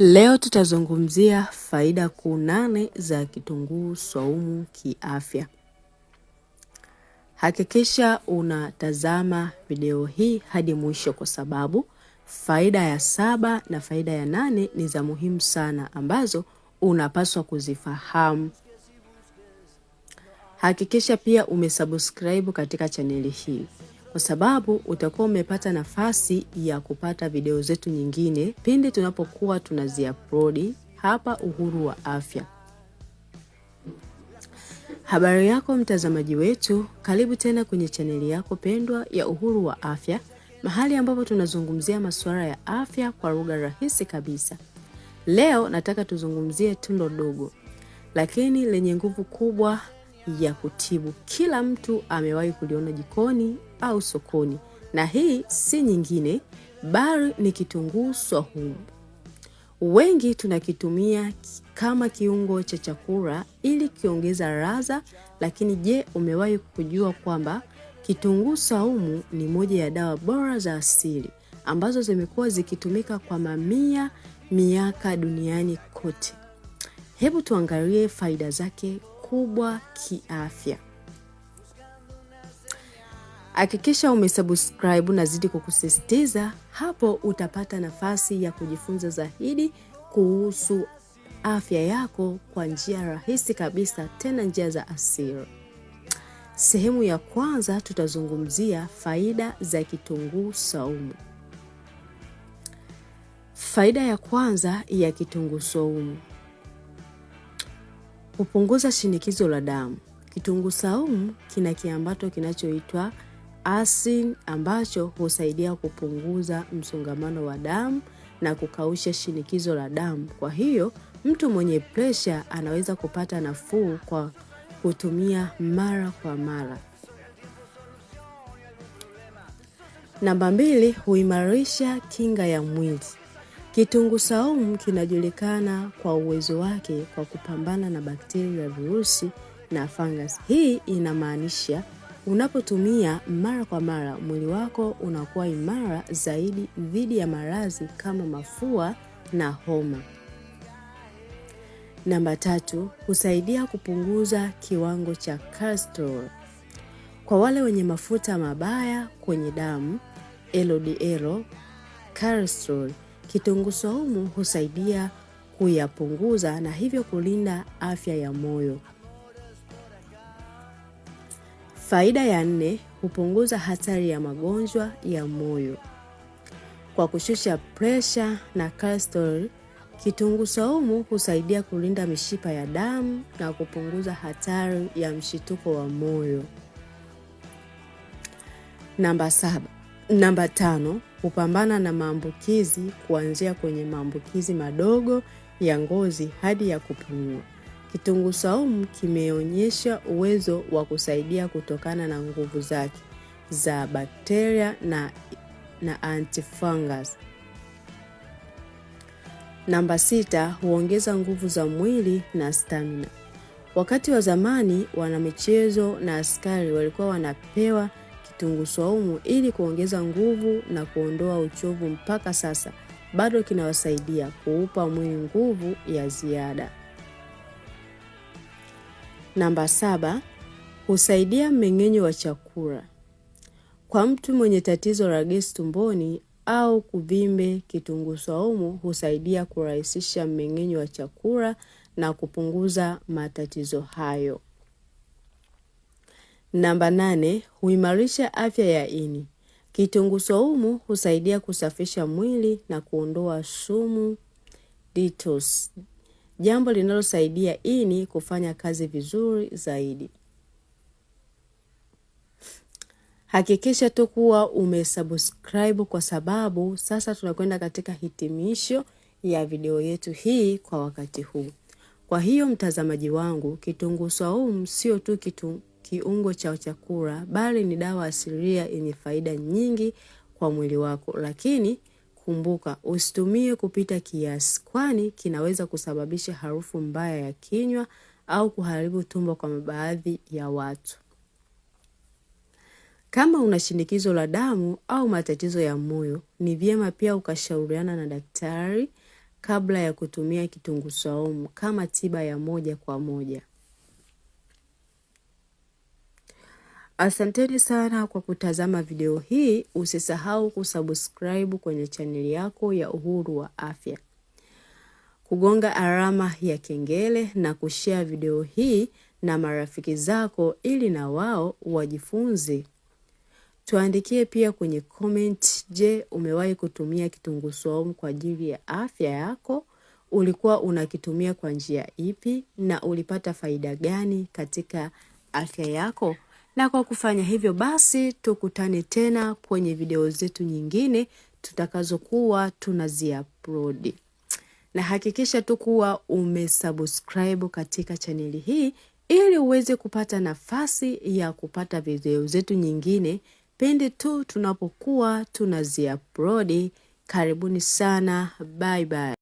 Leo tutazungumzia faida kuu nane za kitunguu swaumu kiafya. Hakikisha unatazama video hii hadi mwisho kwa sababu faida ya saba na faida ya nane ni za muhimu sana ambazo unapaswa kuzifahamu. Hakikisha pia umesubscribe katika chaneli hii kwa sababu utakuwa umepata nafasi ya kupata video zetu nyingine pindi tunapokuwa tunaziaplodi hapa Uhuru wa Afya. Habari yako mtazamaji wetu, karibu tena kwenye chaneli yako pendwa ya Uhuru wa Afya, mahali ambapo tunazungumzia masuala ya afya kwa lugha rahisi kabisa. Leo nataka tuzungumzie tundo dogo lakini lenye nguvu kubwa ya kutibu kila mtu amewahi kuliona jikoni au sokoni, na hii si nyingine bali ni kitunguu swaumu. Wengi tunakitumia kama kiungo cha chakula ili kiongeza ladha, lakini je, umewahi kujua kwamba kitunguu swaumu ni moja ya dawa bora za asili ambazo zimekuwa zikitumika kwa mamia miaka duniani kote? Hebu tuangalie faida zake kubwa kiafya. Hakikisha umesubscribe, nazidi kukusisitiza hapo, utapata nafasi ya kujifunza zaidi kuhusu afya yako kwa njia rahisi kabisa, tena njia za asili. Sehemu ya kwanza tutazungumzia faida za kitunguu saumu. Faida ya kwanza ya kitunguu saumu, Hupunguza shinikizo la damu. Kitunguu saumu kina kiambato kinachoitwa asin ambacho husaidia kupunguza msongamano wa damu na kukausha shinikizo la damu. Kwa hiyo mtu mwenye presha anaweza kupata nafuu kwa kutumia mara kwa mara. Namba mbili, huimarisha kinga ya mwili. Kitunguu saumu kinajulikana kwa uwezo wake kwa kupambana na bakteria, virusi na fungus. Hii inamaanisha unapotumia mara kwa mara, mwili wako unakuwa imara zaidi dhidi ya maradhi kama mafua na homa. Namba tatu, husaidia kupunguza kiwango cha cholesterol. Kwa wale wenye mafuta mabaya kwenye damu, LDL, cholesterol Kitunguu saumu husaidia kuyapunguza na hivyo kulinda afya ya moyo. Faida ya nne, hupunguza hatari ya magonjwa ya moyo. Kwa kushusha presha na cholesterol, kitunguu saumu husaidia kulinda mishipa ya damu na kupunguza hatari ya mshituko wa moyo. Namba saba. Namba tano, Kupambana na maambukizi kuanzia kwenye maambukizi madogo ya ngozi hadi ya kupumua. Kitunguu saumu kimeonyesha uwezo wa kusaidia kutokana na nguvu zake za bakteria na, na antifungus. Namba sita, huongeza nguvu za mwili na stamina. Wakati wa zamani wanamichezo na askari walikuwa wanapewa kitunguu saumu ili kuongeza nguvu na kuondoa uchovu, mpaka sasa bado kinawasaidia kuupa mwili nguvu ya ziada. Namba saba, husaidia mmeng'enyo wa chakula. Kwa mtu mwenye tatizo la gesi tumboni au kuvimbe, kitunguu saumu husaidia kurahisisha mmeng'enyo wa chakula na kupunguza matatizo hayo. Namba nane, huimarisha afya ya ini. Kitunguu saumu husaidia kusafisha mwili na kuondoa sumu detox, jambo linalosaidia ini kufanya kazi vizuri zaidi. Hakikisha tu kuwa umesubscribe kwa sababu sasa tunakwenda katika hitimisho ya video yetu hii kwa wakati huu. Kwa hiyo mtazamaji wangu, kitunguu saumu sio tu kitu kiungo cha chakula, bali ni dawa asilia yenye faida nyingi kwa mwili wako. Lakini kumbuka, usitumie kupita kiasi, kwani kinaweza kusababisha harufu mbaya ya kinywa au kuharibu tumbo kwa baadhi ya watu. Kama una shinikizo la damu au matatizo ya moyo, ni vyema pia ukashauriana na daktari kabla ya kutumia kitunguu saumu kama tiba ya moja kwa moja. Asanteni sana kwa kutazama video hii. Usisahau kusubscribe kwenye chaneli yako ya Uhuru wa Afya, kugonga alama ya kengele na kushare video hii na marafiki zako ili na wao wajifunze. Tuandikie pia kwenye comment, je, umewahi kutumia kitunguu saumu kwa ajili ya afya yako? Ulikuwa unakitumia kwa njia ipi na ulipata faida gani katika afya yako? Na kwa kufanya hivyo basi, tukutane tena kwenye video zetu nyingine tutakazokuwa tunaziupload, na hakikisha tu kuwa umesubscribe katika chaneli hii ili uweze kupata nafasi ya kupata video zetu nyingine pindi tu tunapokuwa tunaziupload. Karibuni sana, bye bye.